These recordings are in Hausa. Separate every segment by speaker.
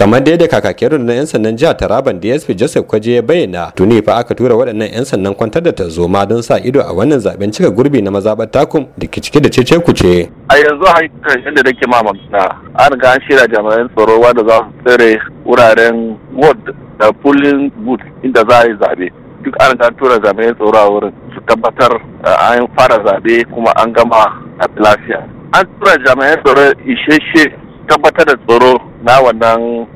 Speaker 1: kamar dai da kakakin rundunar 'yan sandan jihar taraban dsp joseph kwaje ya bayyana tuni fa aka tura waɗannan 'yan sandan kwantar da tarzoma don sa ido a wannan zaben cika gurbi na mazaɓar takum da ke cike da cece kuce
Speaker 2: a yanzu hankali yadda nake ma magana an ga an shirya jami'an tsaro wanda za su tsere wuraren ward da polling booth inda za a yi zabe duk an ga tura jami'an tsaro a wurin su tabbatar eh, an fara zabe kuma an gama a lafiya an tura jami'an tsaro isheshe tabbatar da tsaro na wannan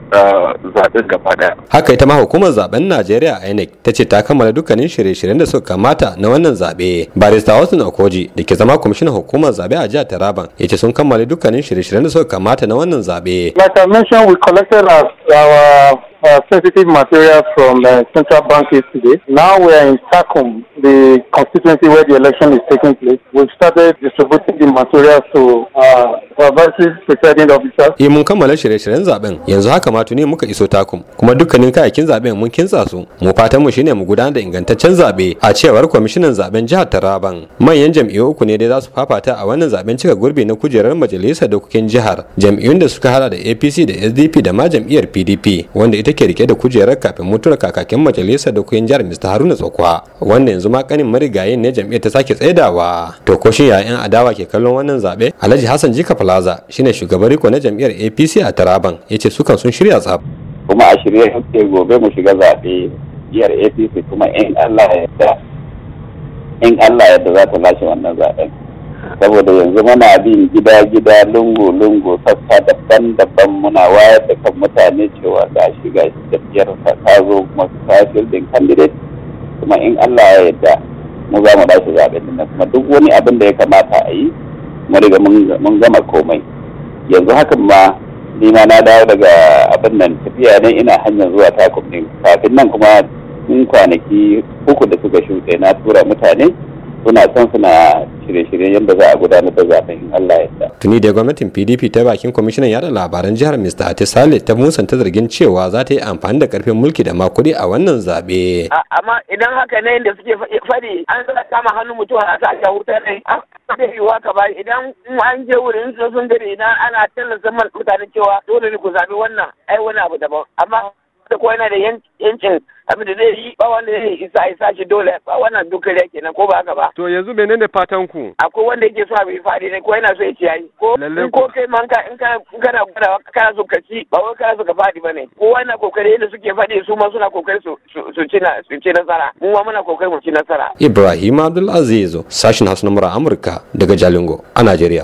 Speaker 1: zaben gaba daya haka ita ma hukumar zaben najeriya inec ta ce ta kammala dukkanin shirye-shiryen da suka kamata na wannan zabe barista wasu okoji da ke zama kwamishinan hukumar zabe a jihar taraban ya ce sun kammala dukkanin shirye-shiryen da suka kamata na wannan zabe like i mentioned we collected
Speaker 2: our, our Uh, sensitive materials from the central bank yesterday. Now we are in Takum, the constituency where the election is taking place. We've started distributing the materials to
Speaker 1: uh, e mun kammala shirye-shiryen zaben yanzu haka ma tuni muka iso takum kuma dukkanin kayakin zaben mun kintsa su mu fatan mu shine mu gudanar da ingantaccen zabe a cewar kwamishinan zaben jihar Taraban manyan jam'iyyu uku ne dai za su fafata a wannan zaben cika gurbi na kujerar majalisar dokokin jihar jam'iyyun da suka hada da APC da SDP da ma jam'iyyar PDP wanda ita ke rike da kujerar kafin mutuwar kakakin majalisar dokokin jihar Mr Haruna Tsokwa wanda yanzu ma kanin marigayin ne jam'iyyar ta sake tsaidawa to ko shin yayan adawa ke kallon wannan zabe Alhaji Hassan Jika plaza shine shugaban riko na jam'iyyar apc a taraban ya ce sukan sun shirya tsaf
Speaker 3: kuma a shirye yake gobe mu shiga zaɓe jam'iyyar apc kuma in allah ya yarda in allah da za ta lashe wannan zaɓen saboda yanzu muna bin gida-gida lungu-lungu sassa daban-daban muna wayar da kan mutane cewa ga a shiga jam'iyyar ta zo kuma ta fielding candidate kuma in allah ya yarda mu za mu dace zaɓen nan kuma duk wani abin da ya kamata a yi mun mun gama komai yanzu hakan ma ni ma na dawo daga abin nan tafiya ne ina hanyar zuwa takum ne kafin nan kuma in kwanaki uku da suka shuɗe na tura mutane suna son suna shirye-shirye yadda za a gudanar da zaben
Speaker 1: in Allah ya Tuni da gwamnatin PDP ta bakin kwamishinan yada labaran jihar Mr. Ate Sale ta musanta zargin cewa za ta yi amfani da karfin mulki da makuri a wannan zabe.
Speaker 4: Amma idan haka ne da suke faɗi an zaɓa kama hannun mutum a sa ta wuta ne da yiwuwa ka ba idan an je wurin sun daɗi idan ana tallata mutane cewa dole ne ku zabi wannan ai wani abu daban amma da kuwa yana da yancin abin da zai yi ba wanda zai isa isa shi dole ba wannan dukkan ya kenan ko ba haka ba.
Speaker 1: To yanzu menene fatan ku?
Speaker 4: Akwai wanda yake so abin fadi ne ko yana so ya ci yayi. Ko in ko kai ma in kana gwada kana so ka ci ba wai kana so ka faɗi ba ne. ko na kokari yadda suke fadi su ma suna kokari su ci nasara. Mu ma muna kokari mu ci nasara.
Speaker 1: Ibrahim Abdulaziz sashin Hausa na Amurka daga Jalingo a Najeriya.